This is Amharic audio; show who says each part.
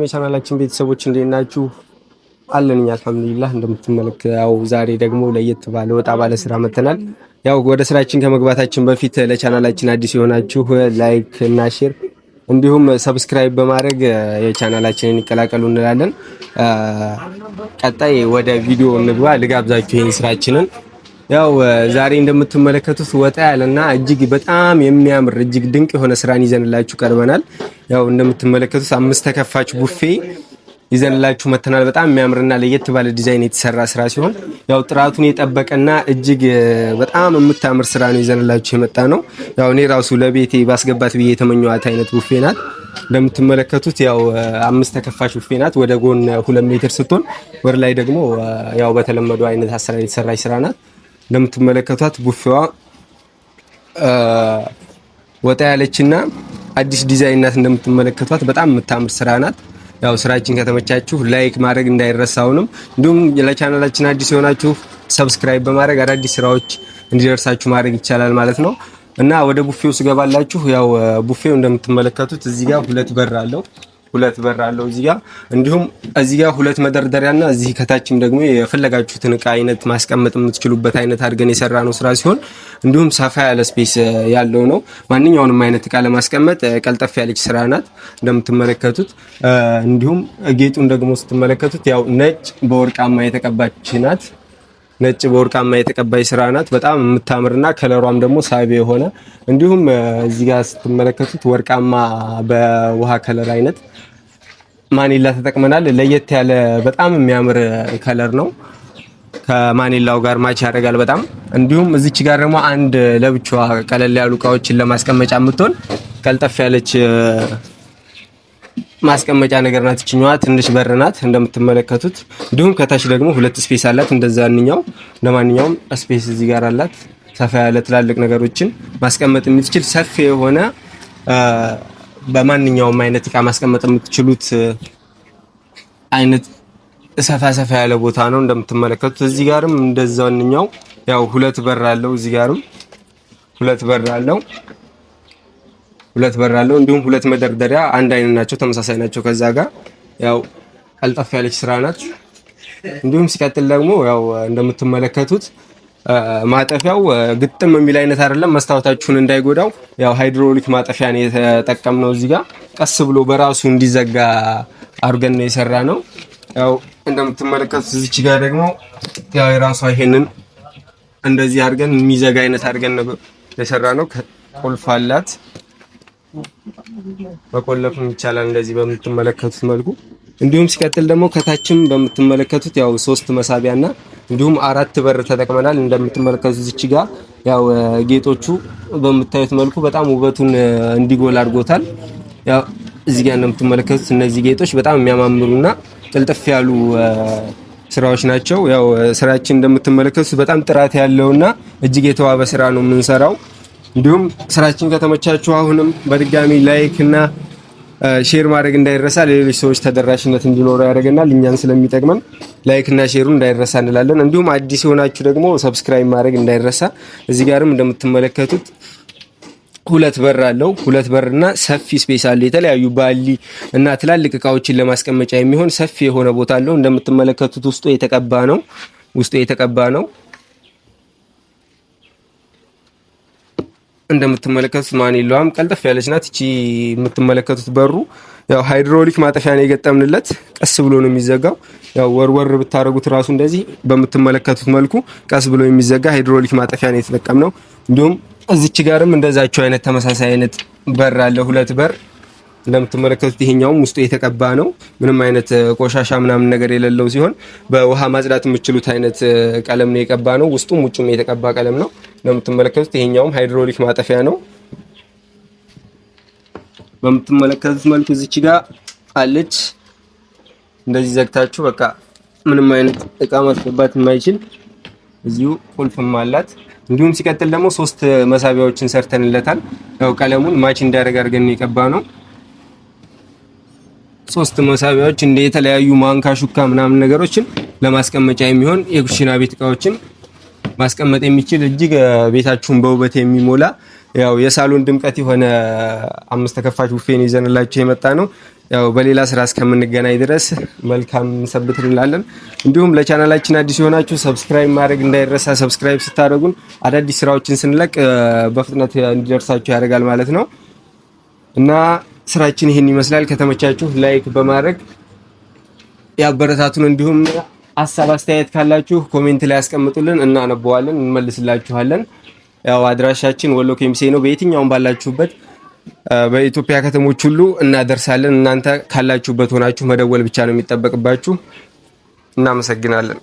Speaker 1: የቻናላችን ቤተሰቦች እንዴት ናችሁ? አለንኝ አልሐምዱሊላህ። ያው ዛሬ ደግሞ ለየት ባለ ወጣ ባለ ስራ መተናል። ያው ወደ ስራችን ከመግባታችን በፊት ለቻናላችን አዲስ የሆናችሁ ላይክ እና ሼር እንዲሁም ሰብስክራይብ በማድረግ የቻናላችንን ይቀላቀሉ እንላለን። ቀጣይ ወደ ቪዲዮ እንግባ። ልጋብዛችሁ ይህን ስራችንን ያው ዛሬ እንደምትመለከቱት ወጣ ያለና እጅግ በጣም የሚያምር እጅግ ድንቅ የሆነ ስራን ይዘንላችሁ ቀርበናል። ያው እንደምትመለከቱት አምስት ተከፋች ቡፌ ይዘንላችሁ መተናል። በጣም የሚያምርና ለየት ባለ ዲዛይን የተሰራ ስራ ሲሆን ያው ጥራቱን የጠበቀና እጅግ በጣም የምታምር ስራ ነው ይዘንላችሁ የመጣ ነው። ያው እኔ ራሱ ለቤቴ ባስገባት ብዬ የተመኘዋት አይነት ቡፌ ናት። እንደምትመለከቱት ያው አምስት ተከፋሽ ቡፌ ናት። ወደ ጎን ሁለት ሜትር ስትሆን ወደ ላይ ደግሞ ያው በተለመደው አይነት አሰራር የተሰራች ስራ ናት። እንደምትመለከቷት ቡፌዋ ወጣ ያለችና አዲስ ዲዛይን ናት። እንደምትመለከቷት በጣም የምታምር ስራ ናት። ያው ስራችን ከተመቻችሁ ላይክ ማድረግ እንዳይረሳውንም፣ እንዲሁም ለቻናላችን አዲስ የሆናችሁ ሰብስክራይብ በማድረግ አዳዲስ ስራዎች እንዲደርሳችሁ ማድረግ ይቻላል ማለት ነው። እና ወደ ቡፌው ስገባላችሁ ያው ቡፌው እንደምትመለከቱት እዚህ ጋር ሁለት በር አለው። ሁለት በር አለው እዚህ ጋር እንዲሁም እዚህ ጋር ሁለት መደርደሪያና እዚህ ከታችም ደግሞ የፈለጋችሁትን እቃ አይነት ማስቀመጥ የምትችሉበት አይነት አድርገን የሰራ ነው ስራ ሲሆን እንዲሁም ሰፋ ያለ ስፔስ ያለው ነው። ማንኛውንም አይነት እቃ ለማስቀመጥ ቀልጠፍ ያለች ስራ ናት እንደምትመለከቱት። እንዲሁም ጌጡን ደግሞ ስትመለከቱት ያው ነጭ በወርቃማ የተቀባች ናት። ነጭ በወርቃማ የተቀባይ ስራ ናት። በጣም የምታምርና ከለሯም ደግሞ ሳቢ የሆነ እንዲሁም እዚህ ጋር ስትመለከቱት ወርቃማ በውሃ ከለር አይነት ማኒላ ተጠቅመናል። ለየት ያለ በጣም የሚያምር ከለር ነው። ከማኒላው ጋር ማች ያደርጋል በጣም እንዲሁም እዚች ጋር ደግሞ አንድ ለብቻዋ ቀለል ያሉ እቃዎችን ለማስቀመጫ የምትሆን ቀልጠፍ ያለች ማስቀመጫ ነገር ናት። ይችኛዋ ትንሽ በር ናት እንደምትመለከቱት። እንዲሁም ከታች ደግሞ ሁለት ስፔስ አላት ያንኛው። ለማንኛውም ስፔስ እዚህ ጋር አላት። ሰፋ ያለ ትላልቅ ነገሮችን ማስቀመጥ የምትችል ሰፊ የሆነ በማንኛውም አይነት እቃ ማስቀመጥ የምትችሉት አይነት ሰፋ ሰፋ ያለ ቦታ ነው እንደምትመለከቱት። እዚህ ጋርም እንደዛንኛው ያው ሁለት በር አለው። እዚህ ጋርም ሁለት በር አለው። ሁለት በር አለው። እንዲሁም ሁለት መደርደሪያ አንድ አይነት ናቸው፣ ተመሳሳይ ናቸው። ከዛ ጋር ያው ቀልጠፍ ያለች ስራ ናት። እንዲሁም ሲቀጥል ደግሞ ያው እንደምትመለከቱት ማጠፊያው ግጥም የሚል አይነት አይደለም። መስታወታችሁን እንዳይጎዳው ያው ሃይድሮሊክ ማጠፊያ ነው የተጠቀምነው። እዚህ ጋር ቀስ ብሎ በራሱ እንዲዘጋ አድርገን ነው የሰራ ነው። ያው እንደምትመለከቱት እዚች ጋር ደግሞ ያው የራሷ ይሄንን እንደዚህ አድርገን የሚዘጋ አይነት አድርገን ነው የሰራ ነው። ቁልፍ አላት። መቆለፍም ይቻላል እንደዚህ በምትመለከቱት መልኩ። እንዲሁም ሲቀጥል ደግሞ ከታችም በምትመለከቱት ያው ሶስት መሳቢያና እንዲሁም አራት በር ተጠቅመናል። እንደምትመለከቱት እዚች ጋር ያው ጌጦቹ በምታዩት መልኩ በጣም ውበቱን እንዲጎል አድርጎታል። ያው እዚህ ጋር እንደምትመለከቱት እነዚህ ጌጦች በጣም የሚያማምሩና ጥልጥፍ ያሉ ስራዎች ናቸው። ያው ስራችን እንደምትመለከቱት በጣም ጥራት ያለውና እጅግ የተዋበ ስራ ነው የምንሰራው። እንዲሁም ስራችን ከተመቻችሁ አሁንም በድጋሚ ላይክ እና ሼር ማድረግ እንዳይረሳ፣ ለሌሎች ሰዎች ተደራሽነት እንዲኖረው ያደርገናል። እኛን ስለሚጠቅመን ላይክ እና ሼሩ እንዳይረሳ እንላለን። እንዲሁም አዲስ የሆናችሁ ደግሞ ሰብስክራይብ ማድረግ እንዳይረሳ። እዚህ ጋርም እንደምትመለከቱት ሁለት በር አለው። ሁለት በር እና ሰፊ ስፔስ አለው። የተለያዩ ባሊ እና ትላልቅ እቃዎችን ለማስቀመጫ የሚሆን ሰፊ የሆነ ቦታ አለው። እንደምትመለከቱት ውስጡ የተቀባ ነው። ውስጡ የተቀባ ነው። እንደምትመለከቱት ማኔላዋም ቀልጠፍ ያለች ናት። እቺ የምትመለከቱት በሩ ያው ሃይድሮሊክ ማጠፊያ ነው የገጠምንለት። ቀስ ብሎ ነው የሚዘጋው። ያው ወርወር ብታደረጉት ራሱ እንደዚህ በምትመለከቱት መልኩ ቀስ ብሎ የሚዘጋ ሃይድሮሊክ ማጠፊያ ነው የተጠቀምነው። እንዲሁም እዚች ጋርም እንደዛቸው አይነት ተመሳሳይ አይነት በር አለ፣ ሁለት በር እንደምትመለከቱት ይሄኛውም ውስጡ የተቀባ ነው። ምንም አይነት ቆሻሻ ምናምን ነገር የሌለው ሲሆን በውሃ ማጽዳት የምችሉት አይነት ቀለም ነው የቀባ ነው። ውስጡም ውጭም የተቀባ ቀለም ነው። ነው የምትመለከቱት። ይሄኛውም ሃይድሮሊክ ማጠፊያ ነው። በምትመለከቱት መልኩ እዚች ጋር አለች። እንደዚህ ዘግታችሁ በቃ ምንም አይነት እቃ ማስገባት የማይችል እዚሁ ቁልፍም አላት። እንዲሁም ሲቀጥል ደግሞ ሶስት መሳቢያዎችን ሰርተንለታል። ያው ቀለሙን ማች እንዳደረግ አድርገን የቀባ ነው። ሶስት መሳቢያዎች እንደ የተለያዩ ማንካ፣ ሹካ ምናምን ነገሮችን ለማስቀመጫ የሚሆን የኩሽና ቤት እቃዎችን ማስቀመጥ የሚችል እጅግ ቤታችሁን በውበት የሚሞላ ያው የሳሎን ድምቀት የሆነ አምስት ተከፋች ቡፌን ይዘንላችሁ የመጣ ነው። ያው በሌላ ስራ እስከምንገናኝ ድረስ መልካም ሰብት እንላለን። እንዲሁም ለቻናላችን አዲስ የሆናችሁ ሰብስክራይብ ማድረግ እንዳይረሳ። ሰብስክራይብ ስታደርጉን አዳዲስ ስራዎችን ስንለቅ በፍጥነት እንዲደርሳችሁ ያደርጋል ማለት ነው እና ስራችን ይህን ይመስላል። ከተመቻችሁ ላይክ በማድረግ ያበረታቱን። እንዲሁም ሀሳብ አስተያየት ካላችሁ ኮሜንት ላይ ያስቀምጡልን፣ እናነበዋለን፣ እንመልስላችኋለን። ያው አድራሻችን ወሎ ኬሚሴ ነው። በየትኛውም ባላችሁበት በኢትዮጵያ ከተሞች ሁሉ እናደርሳለን። እናንተ ካላችሁበት ሆናችሁ መደወል ብቻ ነው የሚጠበቅባችሁ። እናመሰግናለን።